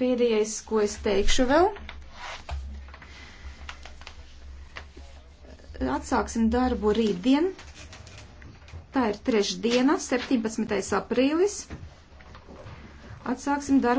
pēdējais, ko es teikšu vēl. Atsāksim darbu rītdien. Tā ir trešdiena, 17. aprīlis. Atsāksim darbu.